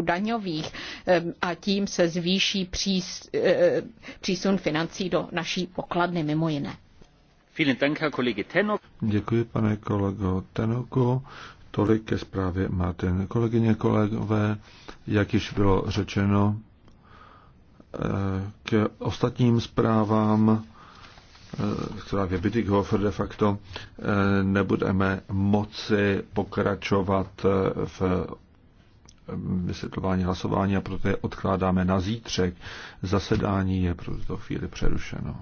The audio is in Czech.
daňových a tím se zvýší e, e, přísun financí do naší pokladny mimo jiné. Děkuji, pane kolego Tenoku. Tolik ke zprávě máte, Kolegyně, kolegové, jak již bylo řečeno, e, k ostatním zprávám zprávě Bittighofer de facto nebudeme moci pokračovat v vysvětlování hlasování a proto je odkládáme na zítřek. Zasedání je pro tuto chvíli přerušeno.